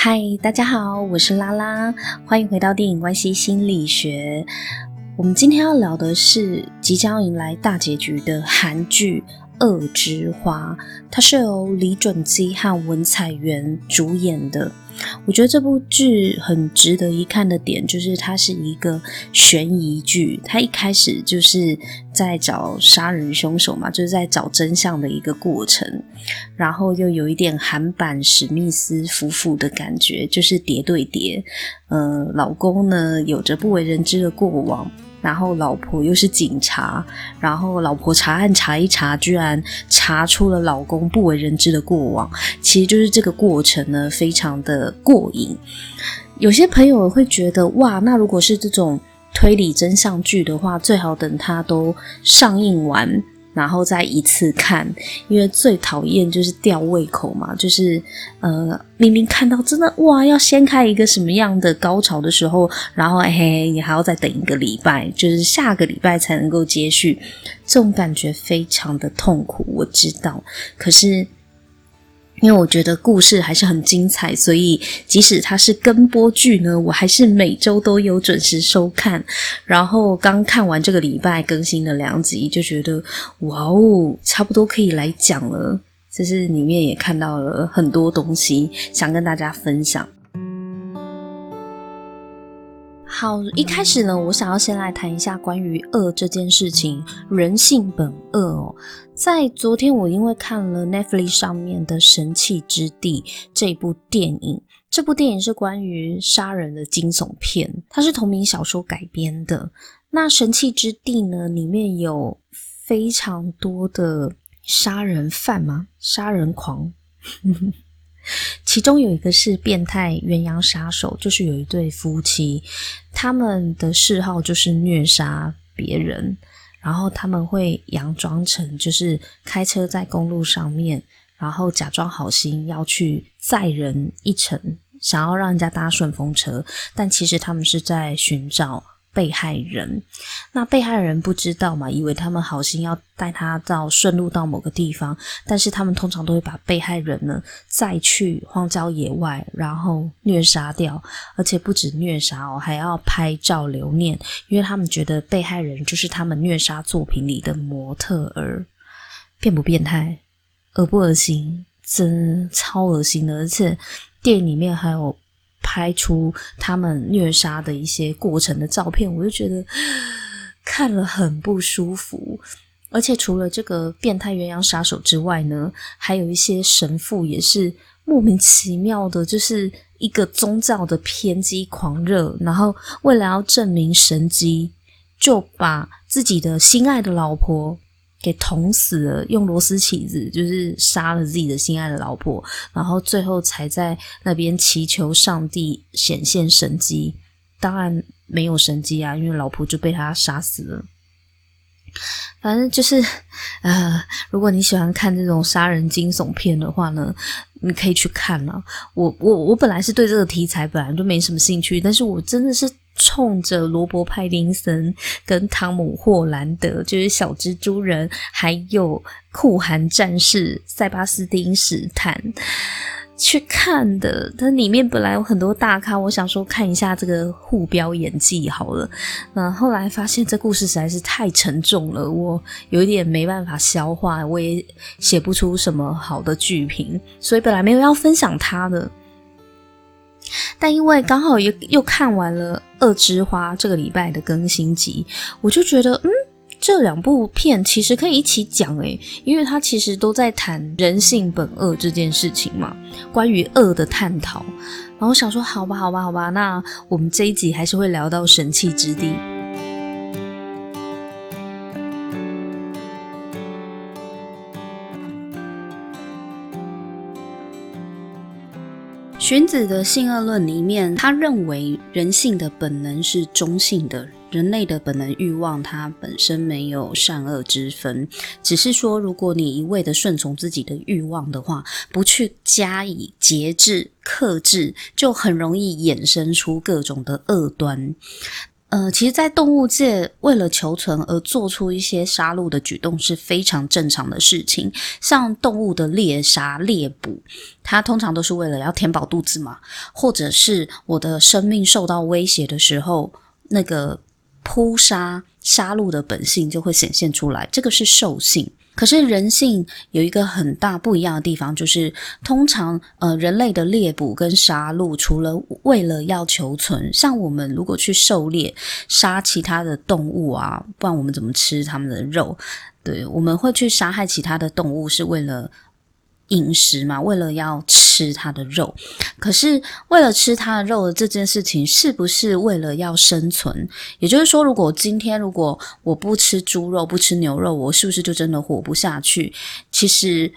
嗨，大家好，我是拉拉，歡迎回到電影關係星理學。我們今天要聊的是即將迎來大結局的韓劇。《惡之花》，它是由李準基和文彩元主演的。我覺得這部劇很值得一看的點，就是它是一個懸疑劇。它一開始就是在找殺人兇手嘛，就是在找真相的一個過程。然後又有一點韓版《史密斯夫婦》的感覺，就是諜對諜。呃，老公呢，有着不為人知的過往。然後老婆又是警察，然後老婆查案查一查，居然查出了老公不為人知的過往，其實就是這個過程呢，非常的過癮。有些朋友會覺得，哇，那如果是這種推理真相劇的話，最好等它都上映完。然後再一次看，因為最討厭就是吊胃口嘛，就是呃，明明看到真的哇，要掀開一個什麼樣的高潮的時候，然後嘿，你還要再等一個禮拜，就是下個禮拜才能夠接續，這種感覺非常的痛苦。我知道，可是。因為我覺得故事還是很精彩，所以即使它是跟播劇呢，我還是每周都有準時收看。然後剛看完這個禮拜更新的兩集，就覺得哇哦，差不多可以來講了。就是裡面也看到了很多東西，想跟大家分享。好，一開始呢，我想要先來談一下關於惡這件事情，人性本惡哦。在昨天，我因為看了 Netflix 上面的《神棄之地》這部電影，這部電影是關於殺人的驚悚片，它是同名小說改編的。那《神棄之地》呢，裡面有非常多的殺人犯嗎？殺人狂？ 其中有一個是變態鴛鴦殺手，就是有一對夫妻，他們的嗜好就是虐殺別人，然後他們會佯裝成就是開車在公路上面，然後假裝好心要去載人一程，想要讓人家搭順風車，但其實他們是在尋找。被害人，那被害人不知道嘛？以為他們好心要帶他到順路到某個地方，但是他們通常都會把被害人呢再去荒郊野外，然後虐殺掉，而且不止虐殺哦，還要拍照留念，因為他們覺得被害人就是他們虐殺作品裡的模特兒，變不變態？噁不噁心？真超噁心的。而且電影裡面還有。拍出他們虐殺的一些過程的照片，我就覺得看了很不舒服。而且除了這個變態鴛鴦殺手之外呢，還有一些神父也是莫名其妙的，就是一個宗教的偏激狂熱，然後為了要證明神蹟，就把自己的心愛的老婆。給捅死了，用螺絲起子，就是殺了自己的心愛的老婆，然後最後才在那邊祈求上帝顯現神迹，當然沒有神蹟啊，因為老婆就被他殺死了。反正就是，呃，如果你喜歡看這種殺人驚悚片的話呢，你可以去看了。我我我本來是對這個題材本來就沒什麼興趣，但是我真的是。衝着羅伯派林森跟湯姆霍蘭德，就是小蜘蛛人，還有酷寒戰士塞巴斯丁史坦去看的。它裡面本來有很多大咖，我想說看一下這個互飆演技好了。那後來發現這故事實在是太沉重了，我有一點沒辦法消化，我也寫不出什麼好的劇評，所以本來沒有要分享它的。但因為剛好也又，又看完了《惡之花》這個禮拜的更新集，我就覺得，嗯，這兩部片其實可以一起講誒、欸。因為它其實都在談人性本惡這件事情嘛，關於惡的探討。然後想說，好吧，好吧，好吧，那我們這一集還是會聊到《神棄之地》。荀子的性惡論裡面，他認為人性的本能是中性的，人類的本能慾望它本身沒有善惡之分，只是說如果你一味的順從自己的慾望的話，不去加以節制、克制，就很容易衍生出各種的惡端。呃，其實，在動物界，為了求存而做出一些殺戮的舉動是非常正常的事情。像動物的獵殺、獵捕，它通常都是為了要填飽肚子嘛，或者是我的生命受到威脅的時候，那個撲殺、殺戮的本性就會顯現出來。這個是獸性。可是人性有一個很大不一樣的地方，就是通常呃人類的獵捕跟殺戮，除了為了要求存，像我們如果去狩獵殺其他的動物啊，不然我們怎麼吃他們的肉？對，我們會去殺害其他的動物是為了。飲食嘛，為了要吃它的肉，可是為了吃它的肉的這件事情，是不是為了要生存？也就是說，如果今天如果我不吃豬肉、不吃牛肉，我是不是就真的活不下去？其實。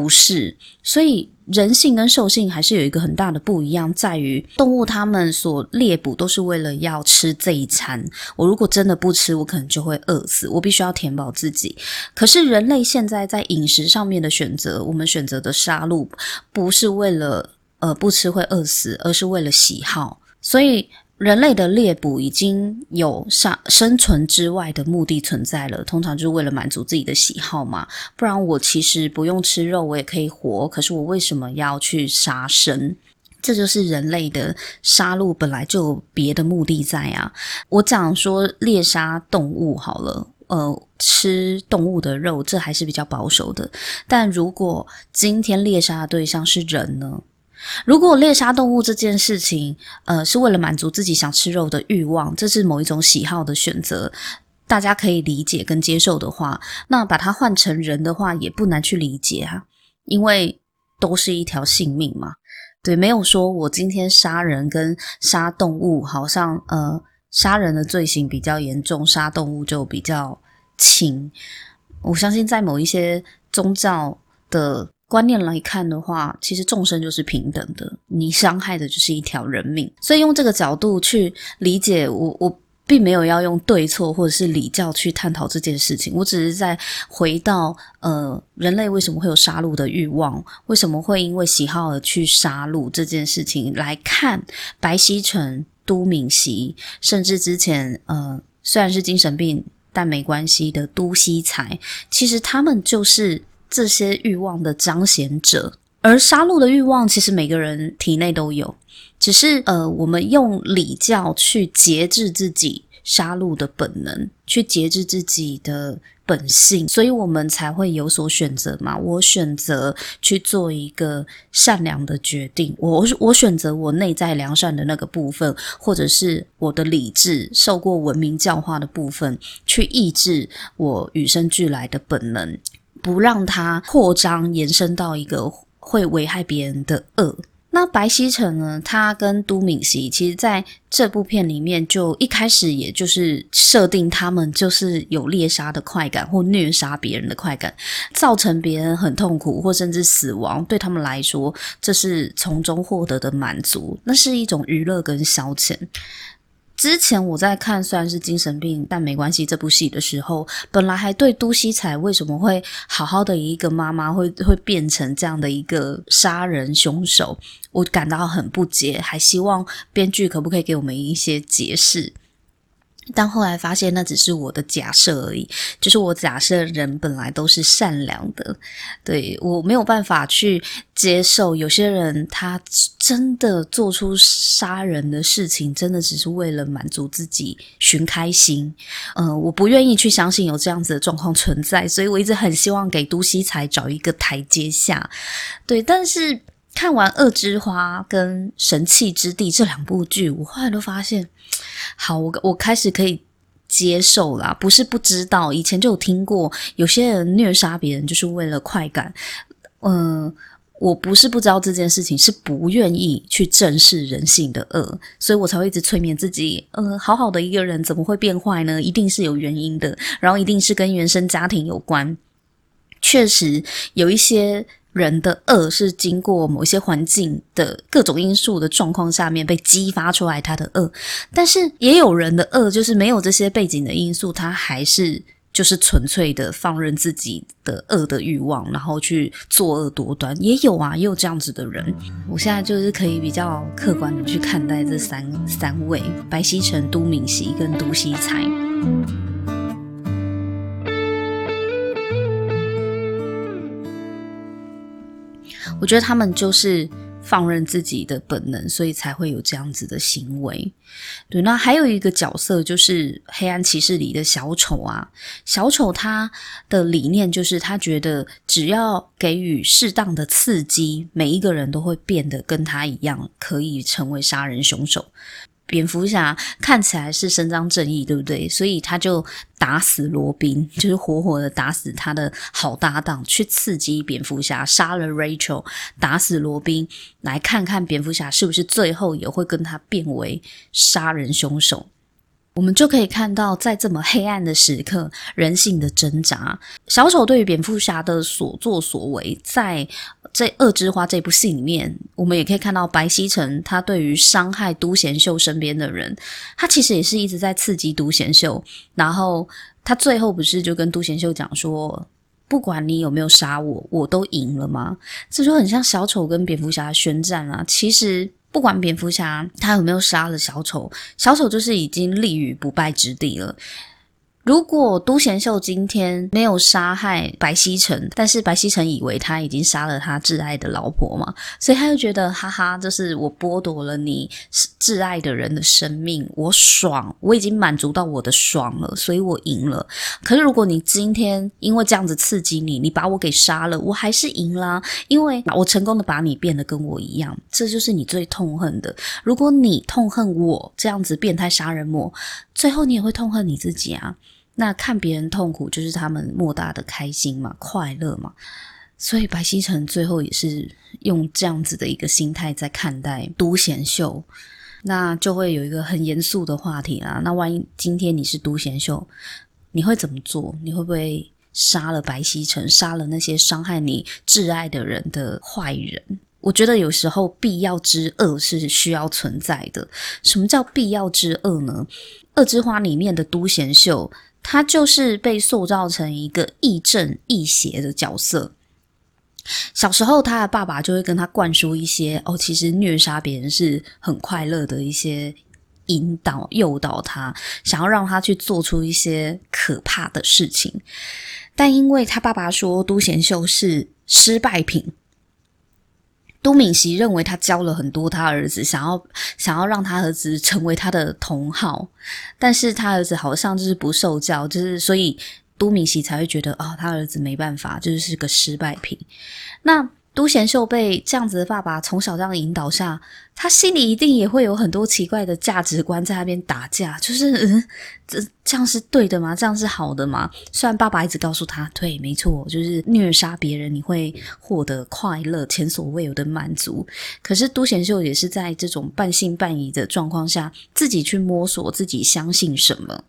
不是，所以人性跟獸性還是有一個很大的不一樣，在於動物它們所獵捕都是為了要吃這一餐。我如果真的不吃，我可能就會餓死，我必須要填飽自己。可是人類現在在飲食上面的選擇，我們選擇的殺戮不是為了，呃，不吃會餓死，而是為了喜好，所以。人類的獵捕已經有殺生存之外的目的存在了，通常就是為了滿足自己的喜好嘛。不然我其實不用吃肉，我也可以活。可是我為什麼要去殺生？這就是人類的殺戮本來就有別的目的在啊。我講說獵殺動物好了，呃，吃動物的肉這還是比較保守的。但如果今天獵殺的對象是人呢？如果獵殺動物這件事情，呃，是為了滿足自己想吃肉的慾望，這是某一種喜好的選擇，大家可以理解跟接受的話，那把它換成人的話，也不難去理解啊，因為都是一條性命嘛。對，沒有說我今天殺人跟殺動物，好像，呃，殺人的罪行比較嚴重，殺動物就比較輕。我相信在某一些宗教的觀念來看的話，其實眾生就是平等的。你傷害的就是一條人命，所以用這個角度去理解我，我並沒有要用對錯或者是禮教去探討這件事情。我只是在回到呃人類為什麼會有殺戮的慾望，為什麼會因為喜好而去殺戮這件事情來看。白熙成、都敏熙，甚至之前呃雖然是精神病但沒關係的都熙才，其實他們就是。這些慾望的彰顯者，而殺戮的慾望其實每個人體內都有，只是呃，我們用禮教去節制自己殺戮的本能，去節制自己的本性，所以我們才會有所選擇嘛。我選擇去做一個善良的決定，我我選擇我內在良善的那個部分，或者是我的理智受過文明教化的部分，去抑制我與生俱來的本能。不讓它擴張延伸到一個會危害別人的惡。那白熙成呢？他跟都敏熙，其實在這部片裡面，就一開始也就是設定他們就是有獵殺的快感，或虐殺別人的快感，造成別人很痛苦或甚至死亡，對他們來說，這是從中獲得的滿足，那是一種娛樂跟消遣。之前我在看雖然是精神病，但沒關係這部戲的時候，本來還對都熙才為什麼會好好的一個媽媽會會變成這樣的一個殺人兇手，我感到很不解，還希望編劇可不可以給我們一些解釋。但後來發現，那只是我的假設而已。就是我假設人本來都是善良的，對，我沒有辦法去接受有些人他真的做出殺人的事情，真的只是為了滿足自己尋開心。嗯、呃，我不願意去相信有這樣子的狀況存在，所以我一直很希望給都熙才找一個台階下。對，但是。看完《惡之花》跟《神棄之地》這兩部劇，我後來都發現，好，我我開始可以接受啦。不是不知道，以前就有聽過，有些人虐殺別人就是為了快感。嗯、呃，我不是不知道這件事情，是不願意去正視人性的惡，所以我才會一直催眠自己。嗯、呃，好好的一個人怎麼會變壞呢？一定是有原因的，然後一定是跟原生家庭有關。確實有一些。人的惡是經過某一些環境的各種因素的狀況下面被激發出來他的惡，但是也有人的惡就是沒有這些背景的因素，他還是就是純粹的放任自己的惡的慾望，然後去作惡多端，也有啊，也有這樣子的人。我現在就是可以比較客觀的去看待這三三位白熙成、都敏西跟都熙才，我覺得他們就是放任自己的本能，所以才會有這樣子的行為。對，那還有一個角色就是《黑暗騎士》裡的小丑啊。小丑他的理念就是，他覺得只要給予適當的刺激，每一個人都會變得跟他一樣，可以成為殺人兇手。蝙蝠俠看起來是伸張正義，對不對？所以他就打死羅賓，就是活活的打死他的好搭檔，去刺激蝙蝠俠，殺了 Rachel，打死羅賓，來看看蝙蝠俠是不是最後也會跟他變為殺人兇手。我們就可以看到，在這麼黑暗的時刻，人性的掙扎，小丑對於蝙蝠俠的所作所為，在。在《惡之花》這部戲裡面，我們也可以看到白熙成他對於傷害都賢秀身邊的人，他其實也是一直在刺激都賢秀。然後他最後不是就跟都賢秀講說，不管你有沒有殺我，我都贏了嗎？這就很像小丑跟蝙蝠俠的宣戰啊！其實不管蝙蝠俠他有沒有殺了小丑，小丑就是已經立於不敗之地了。如果都賢秀今天沒有殺害白熙成，但是白熙成以為他已經殺了他摯愛的老婆嘛，所以他又覺得哈哈，這是我剝奪了你摯愛的人的生命，我爽，我已經滿足到我的爽了，所以我贏了。可是如果你今天因為這樣子刺激你，你把我給殺了，我還是贏啦。因為我成功的把你變得跟我一樣，這就是你最痛恨的。如果你痛恨我這樣子變態殺人魔。最後你也會痛恨你自己啊！那看別人痛苦就是他們莫大的開心嘛，快樂嘛。所以白熙成最後也是用這樣子的一個心態在看待都賢秀，那就會有一個很嚴肅的話題啦、啊，那萬一今天你是都賢秀，你會怎麼做？你會不會殺了白熙成，殺了那些傷害你摯愛的人的壞人？我覺得有時候必要之惡是需要存在的。什麼叫必要之惡呢？《惡之花》裡面的都賢秀，他就是被塑造成一個亦正亦邪的角色。小時候，他的爸爸就會跟他灌輸一些“哦，其實虐殺別人是很快樂”的一些引導、誘導他，想要讓他去做出一些可怕的事情。但因為他爸爸說，都賢秀是失敗品。都敏熙認為他教了很多他兒子，想要想要讓他兒子成為他的同好，但是他兒子好像就是不受教，就是所以都敏熙才會覺得啊、哦，他兒子沒辦法，就是是個失敗品。那。都賢秀被這樣子的爸爸從小這樣引導下，他心裡一定也會有很多奇怪的價值觀在那邊打架，就是嗯、這這樣是對的嗎？這樣是好的嗎？雖然爸爸一直告訴他，對，沒錯，就是虐殺別人你會獲得快樂、前所未有的滿足。可是都賢秀也是在這種半信半疑的狀況下，自己去摸索自己相信什麼。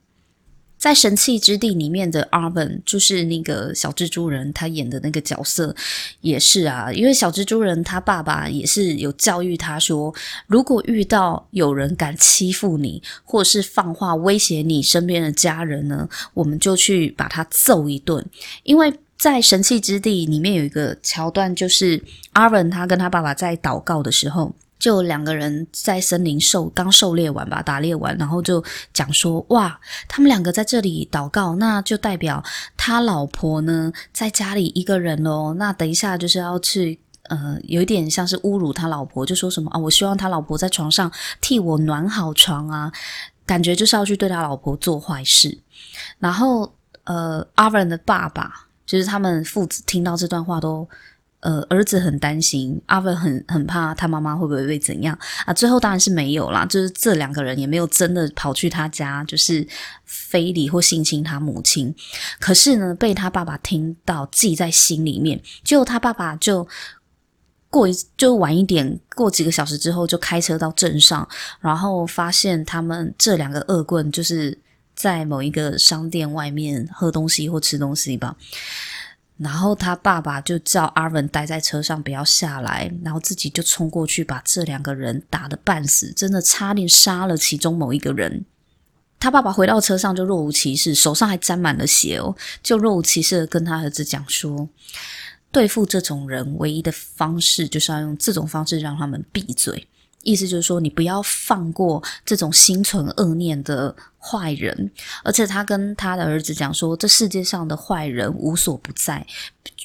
在《神棄之地》裡面的 Arvin 就是那個小蜘蛛人，他演的那個角色也是啊。因為小蜘蛛人他爸爸也是有教育他說，如果遇到有人敢欺負你，或是放話威脅你身邊的家人呢，我們就去把他揍一頓。因為在《神棄之地》裡面有一個橋段，就是 Arvin 他跟他爸爸在禱告的時候。就兩個人在森林狩，剛狩獵完吧，打獵完，然後就講說哇，他們兩個在這裡禱告，那就代表他老婆呢在家裡一個人哦。那等一下就是要去，呃，有一點像是侮辱他老婆，就說什麼啊，哦，我希望他老婆在床上替我暖好床啊，感覺就是要去對他老婆做壞事。然後，呃，阿文的爸爸就是他們父子聽到這段話都。呃，兒子很擔心，阿文很很怕他媽媽會不會被怎樣啊？最後當然是沒有啦，就是這兩個人也沒有真的跑去他家，就是非禮或性侵他母親。可是呢，被他爸爸聽到，記在心裡面。就他爸爸就過一就晚一點，過幾個小時之後，就開車到鎮上，然後發現他們這兩個惡棍就是在某一個商店外面喝東西或吃東西吧。然後他爸爸就叫阿文待在車上不要下來，然後自己就衝過去把這兩個人打得半死，真的差點殺了其中某一個人。他爸爸回到車上就若無其事，手上還沾滿了血哦，就若無其事的跟他兒子講說，對付這種人唯一的方式就是要用這種方式讓他們閉嘴。意思就是說，你不要放過這種心存惡念的壞人，而且他跟他的兒子講說，這世界上的壞人無所不在，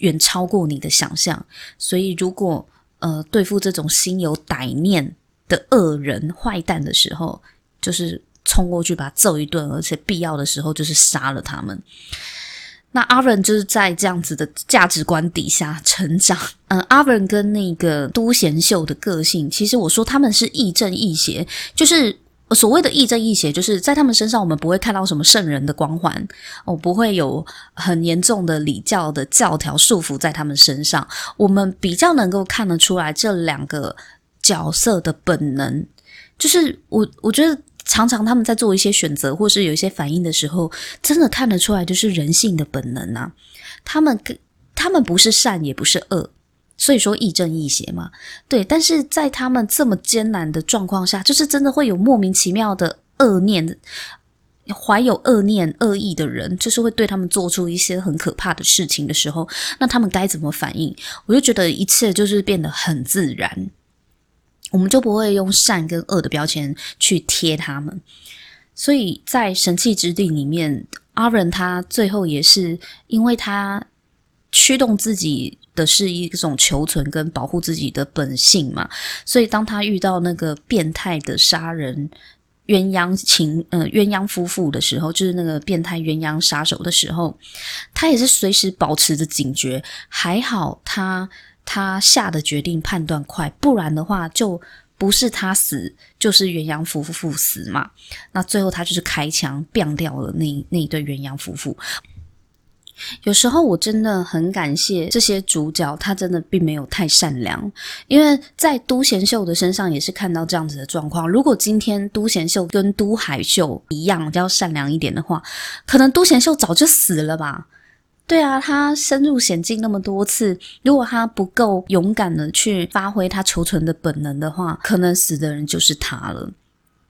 遠超過你的想象。所以，如果呃對付這種心有歹念的惡人壞蛋的時候，就是衝過去把他揍一頓，而且必要的時候就是殺了他們。那阿 v n 就是在這樣子的價值觀底下成長。嗯，阿 v n 跟那個都賢秀的個性，其實我說他們是亦正亦邪，就是所謂的亦正亦邪，就是在他們身上我們不會看到什麼聖人的光環，我不會有很嚴重的禮教的教條束縛在他們身上，我們比較能夠看得出來這兩個角色的本能，就是我我覺得。常常他們在做一些選擇或是有一些反應的時候，真的看得出來就是人性的本能吶、啊。他們跟他們不是善也不是惡，所以說亦正亦邪嘛。對，但是在他們這麼艱難的狀況下，就是真的會有莫名其妙的惡念，懷有惡念惡意的人，就是會對他們做出一些很可怕的事情的時候，那他們該怎麼反應？我就覺得一切就是變得很自然。我們就不會用善跟惡的標籤去貼他們，所以在《神器之地》裡面，阿倫他最後也是因為他驅動自己的是一種求存跟保護自己的本性嘛，所以當他遇到那個變態的殺人鴛鴦情呃鴛鴦夫婦的時候，就是那個變態鴛鴦殺手的時候，他也是隨時保持着警覺，還好他。他下的決定判斷快，不然的話就不是他死，就是鴛鴦夫婦死嘛。那最後他就是開槍斃掉了那那一對鴛鴦夫婦。有時候我真的很感謝這些主角，他真的並沒有太善良，因為在都賢秀的身上也是看到這樣子的狀況。如果今天都賢秀跟都海秀一樣要善良一點的話，可能都賢秀早就死了吧。對啊，他深入險境那麼多次，如果他不夠勇敢的去發揮他求存的本能的話，可能死的人就是他了。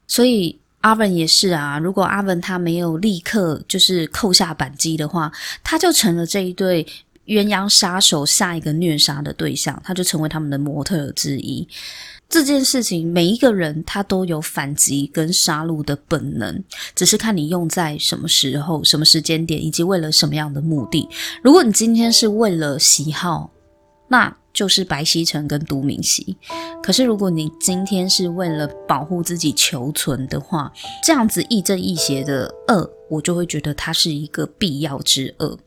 所以阿文也是啊，如果阿文他沒有立刻就是扣下扳機的話，他就成了這一對鴛鴦殺手下一個虐殺的對象，他就成為他們的模特之一。這件事情，每一個人他都有反擊跟殺戮的本能，只是看你用在什麼時候、什麼時間點，以及為了什麼樣的目的。如果你今天是為了喜好，那就是白熙成跟都明熙；可是如果你今天是為了保護自己求存的話，這樣子亦正亦邪的惡，我就會覺得它是一個必要之惡。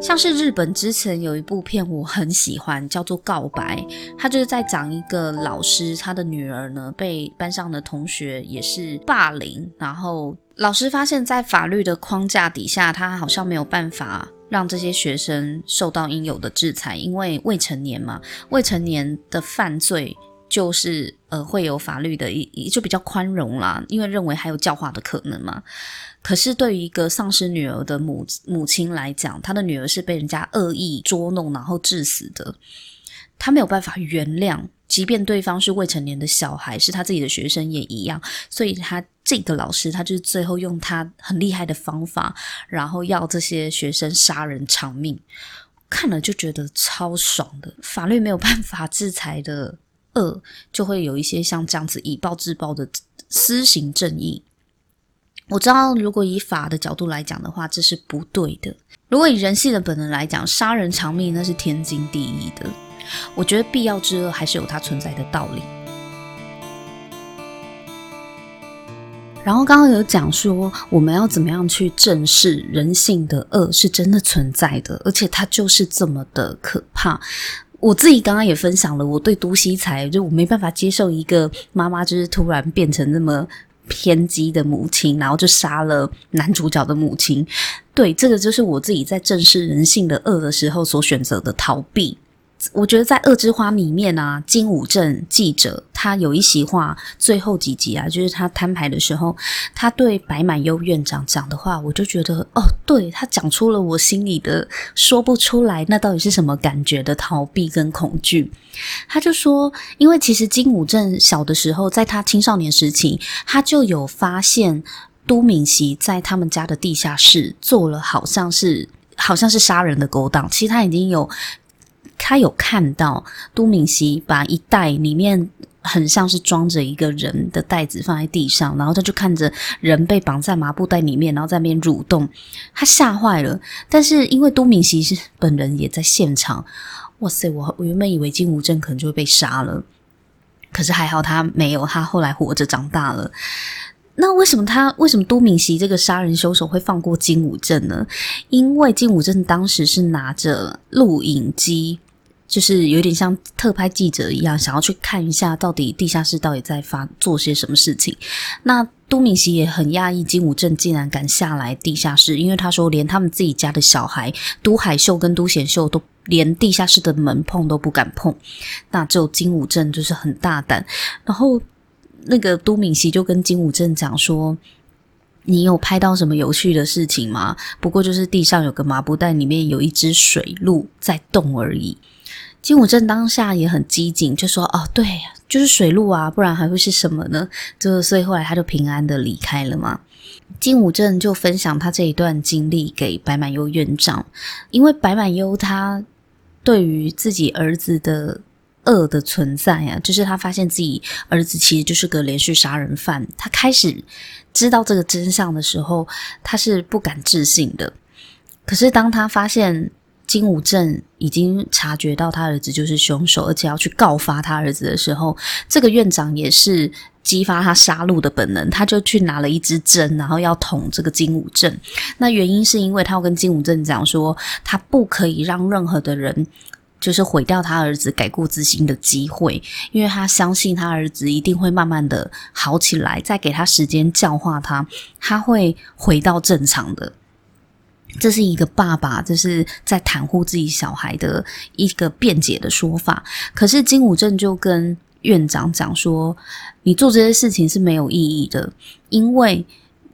像是日本之前有一部片我很喜歡，叫做《告白》，它就是在講一個老師，他的女兒呢被班上的同學也是霸凌，然後老師發現，在法律的框架底下，他好像沒有辦法讓這些學生受到應有的制裁，因為未成年嘛，未成年的犯罪就是呃會有法律的一就比較寬容啦，因為認為還有教化的可能嘛。可是，對於一個喪失女兒的母母親來講，她的女兒是被人家惡意捉弄然後致死的，她沒有辦法原諒，即便對方是未成年的小孩，是他自己的學生也一樣。所以她，他這個老師，他就最後用他很厲害的方法，然後要這些學生殺人償命，看了就覺得超爽的。法律沒有辦法制裁的惡，就會有一些像這樣子以暴制暴的私刑正義。我知道，如果以法的角度來講的話，這是不對的。如果以人性的本能來講，殺人償命那是天經地義的。我覺得必要之惡還是有它存在的道理。然後剛剛有講說，我們要怎麼樣去正視人性的惡是真的存在的，而且它就是這麼的可怕。我自己剛剛也分享了，我對都熙才，就我沒辦法接受一個媽媽就是突然變成那麼。偏激的母親，然後就殺了男主角的母親。對，這個就是我自己在正視人性的惡的時候所選擇的逃避。我覺得在《惡之花》裡面啊，金武鎮記者他有一席話，最後幾集啊，就是他攤牌的時候，他對白滿優院長講的話，我就覺得哦，對，他講出了我心裡的說不出來，那到底是什麼感覺的逃避跟恐懼。他就說，因為其實金武鎮小的時候，在他青少年時期，他就有發現都敏熙在他們家的地下室做了好像是好像是殺人的勾當，其實他已經有。他有看到都敏熙把一袋裡面很像是裝着一個人的袋子放在地上，然後他就看着人被綁在麻布袋裡面，然後在那邊蠕動，他嚇壞了。但是因為都敏熙是本人也在現場，哇塞，我我原本以為金武鎮可能就會被殺了，可是還好他沒有，他後來活着長大了。那為什麼他為什麼都敏熙這個殺人兇手會放過金武鎮呢？因為金武鎮當時是拿着錄影機。就是有點像特派記者一樣，想要去看一下到底地下室到底在發做些什麼事情。那都敏錫也很訝異，金武鎮竟然敢下來地下室，因為他說連他們自己家的小孩都海秀跟都賢秀都連地下室的門碰都不敢碰，那只有金武鎮就是很大膽。然後那個都敏錫就跟金武鎮講說：“你有拍到什麼有趣的事情嗎？不過就是地上有個麻布袋，裡面有一隻水鹿在動而已。”金武正當下也很機警，就說：“哦，對，就是水路啊，不然還會是什麼呢？”就所以後來他就平安的離開了嘛。金武正就分享他這一段經歷給白滿優院長，因為白滿優他對於自己兒子的惡的存在啊，就是他發現自己兒子其實就是個連續殺人犯。他開始知道這個真相的時候，他是不敢置信的。可是當他發現，金武鎮已經察覺到他兒子就是兇手，而且要去告發他兒子的時候，這個院長也是激發他殺戮的本能，他就去拿了一支針，然後要捅這個金武鎮。那原因是因為他要跟金武鎮講說，他不可以讓任何的人就是毀掉他兒子改過自新的機會，因為他相信他兒子一定會慢慢的好起來，再給他時間教化他，他會回到正常的。這是一個爸爸，這是在袒護自己小孩的一個辯解的說法。可是金武鎮就跟院長講說：“你做這些事情是沒有意義的，因為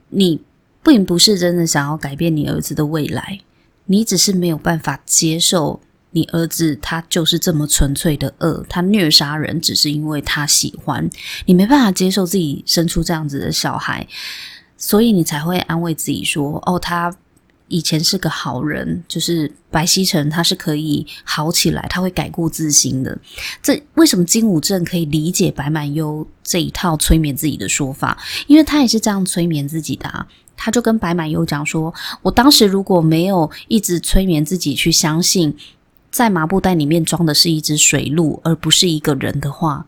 你並不是真的想要改變你兒子的未來，你只是沒有辦法接受你兒子他就是這麼純粹的惡，他虐殺人只是因為他喜歡，你沒辦法接受自己生出這樣子的小孩，所以你才會安慰自己說：‘哦，他’。”以前是個好人，就是白熙成，他是可以好起來，他會改過自新的。這為什麼金武鎮可以理解白滿優這一套催眠自己的說法？因為他也是這樣催眠自己的。啊，他就跟白滿優講說：“我當時如果沒有一直催眠自己去相信，在麻布袋裡面裝的是一隻水鹿，而不是一個人的話，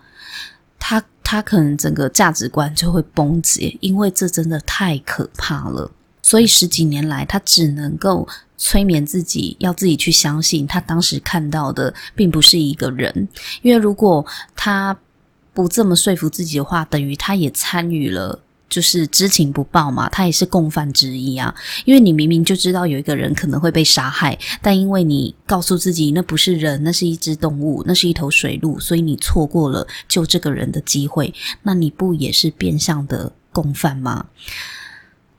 他他可能整個價值觀就會崩解，因為這真的太可怕了。”所以十幾年來，他只能夠催眠自己，要自己去相信他當時看到的並不是一個人。因為如果他不這麼說服自己的話，等於他也參與了，就是知情不報嘛，他也是共犯之一啊。因為你明明就知道有一個人可能會被殺害，但因為你告訴自己那不是人，那是一隻動物，那是一頭水鹿，所以你錯過了救這個人的機會，那你不也是變相的共犯嗎？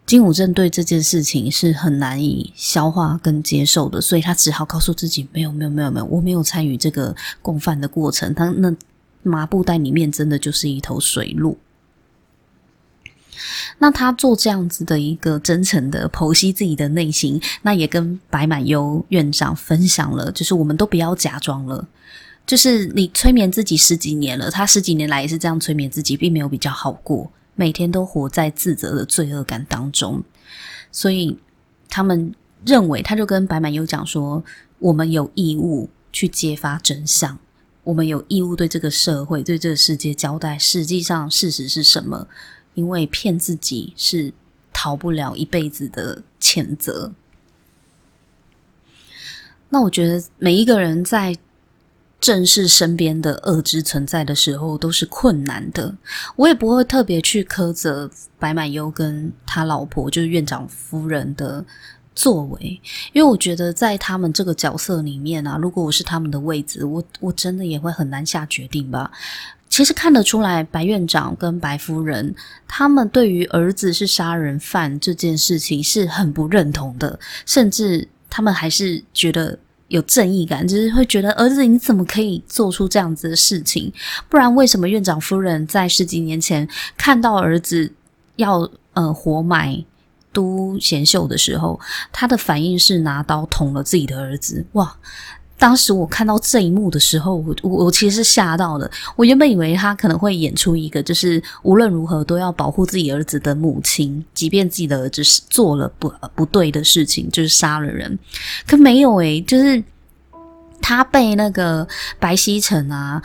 金武鎮對這件事情是很難以消化跟接受的，所以他只好告訴自己：沒有，沒有，沒有，沒有，我沒有參與這個共犯的過程。他那麻布袋裡面真的就是一頭水鹿。那他做這樣子的一個真誠的剖析自己的內心，那也跟白滿優院長分享了，就是我們都不要假裝了，就是你催眠自己十幾年了，他十幾年來也是這樣催眠自己，並沒有比較好過。每天都活在自責的罪惡感當中，所以他們認為，他就跟白萬宇講說：“我們有義務去揭發真相，我們有義務對這個社會、對這個世界交代。實際上，事實是什麼？因為騙自己是逃不了一輩子的譴責。”那我覺得每一個人在正視身邊的惡之存在的時候都是困難的，我也不會特別去苛責白滿優跟他老婆，就是院長夫人的作為，因為我覺得在他們這個角色裡面啊，如果我是他們的位子，我我真的也會很難下決定吧。其實看得出來，白院長跟白夫人他們對於兒子是殺人犯這件事情是很不認同的，甚至他們還是覺得。有正義感，就是會覺得兒子你怎麼可以做出這樣子的事情？不然為什麼院長夫人在十幾年前看到兒子要呃活埋都賢秀的時候，她的反應是拿刀捅了自己的兒子？哇！當時我看到這一幕的時候，我我我其實是嚇到了。我原本以為他可能會演出一個，就是無論如何都要保護自己兒子的母親，即便自己的兒子是做了不不對的事情，就是殺了人。可沒有誒、欸，就是他被那個白熙成啊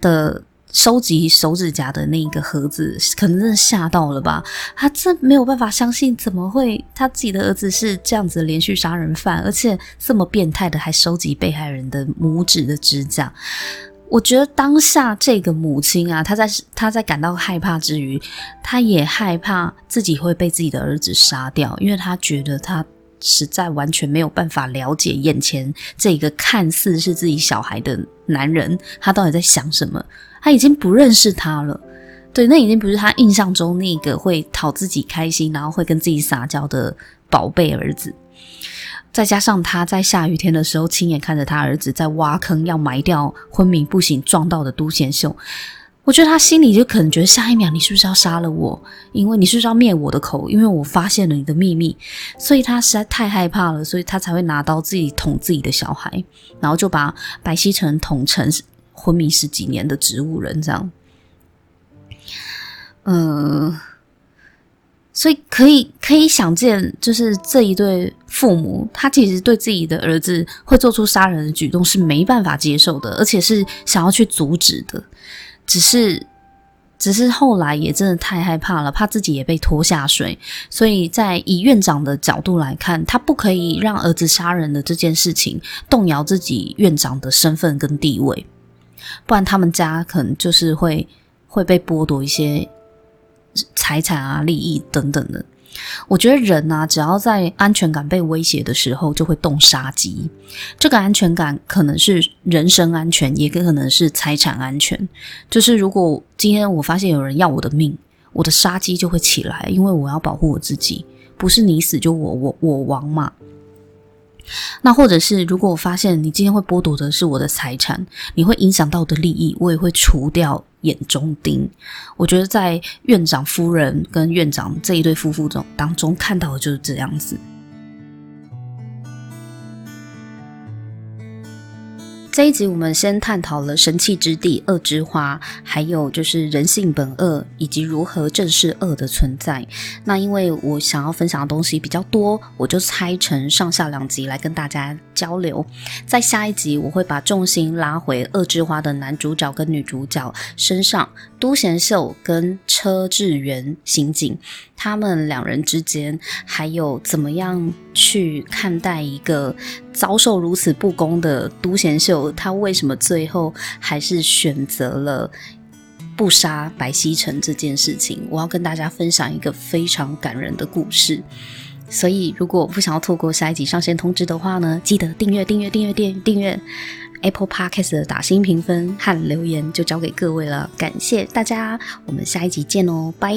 的收集手指甲的那個盒子，可能真的嚇到了吧？他真沒有辦法相信，怎麼會他自己的兒子是這樣子連續殺人犯，而且這麼變態的還收集被害人的拇指的指甲。我覺得當下這個母親啊，她在她在感到害怕之餘，她也害怕自己會被自己的兒子殺掉，因為她覺得她實在完全沒有辦法了解眼前這個看似是自己小孩的男人，他到底在想什麼。他已經不認識他了，對，那已經不是他印象中那個會討自己開心，然後會跟自己撒嬌的寶貝兒子。再加上他在下雨天的時候親眼看着他兒子在挖坑要埋掉昏迷不醒撞到的都賢秀，我覺得他心裡就可能覺得下一秒你是不是要殺了我，因為你是不是要滅我的口，因為我發現了你的秘密。所以他實在太害怕了，所以他才會拿刀自己捅自己的小孩，然後就把白熙成捅成昏迷十幾年的植物人，這樣，嗯、呃，所以可以可以想見，就是這一對父母，他其實對自己的兒子會做出殺人的舉動是沒辦法接受的，而且是想要去阻止的。只是，只是後來也真的太害怕了，怕自己也被拖下水。所以在以院長的角度來看，他不可以讓兒子殺人的這件事情動搖自己院長的身份跟地位。不然他們家可能就是會會被剝奪一些財產啊、利益等等的。我覺得人啊，只要在安全感被威脅的時候，就會動殺機。這個安全感可能是人身安全，也可能是財產安全。就是如果今天我發現有人要我的命，我的殺機就會起來，因為我要保護我自己。不是你死就我我我亡嘛。那或者是，如果我發現你今天會剝奪的是我的財產，你會影響到我的利益，我也會除掉眼中釘。我覺得在院長夫人跟院長這一對夫婦中當中看到的就是這樣子。這一集我們先探討了神棄之地、惡之花，還有就是人性本惡，以及如何正視惡的存在。那因為我想要分享的東西比較多，我就拆成上下兩集來跟大家交流。在下一集，我會把重心拉回惡之花的男主角跟女主角身上。都賢秀跟車智元刑警，他們兩人之間還有怎麼樣去看待一個遭受如此不公的都賢秀？他為什麼最後還是選擇了不殺白熙成這件事情？我要跟大家分享一個非常感人的故事。所以，如果不想要錯過下一集上線通知的話呢，記得訂閱訂閱訂閱訂訂閱。訂閱訂閱訂閱 Apple Podcast 的打星評分和留言就交給各位了，感謝大家，我們下一集見哦，拜。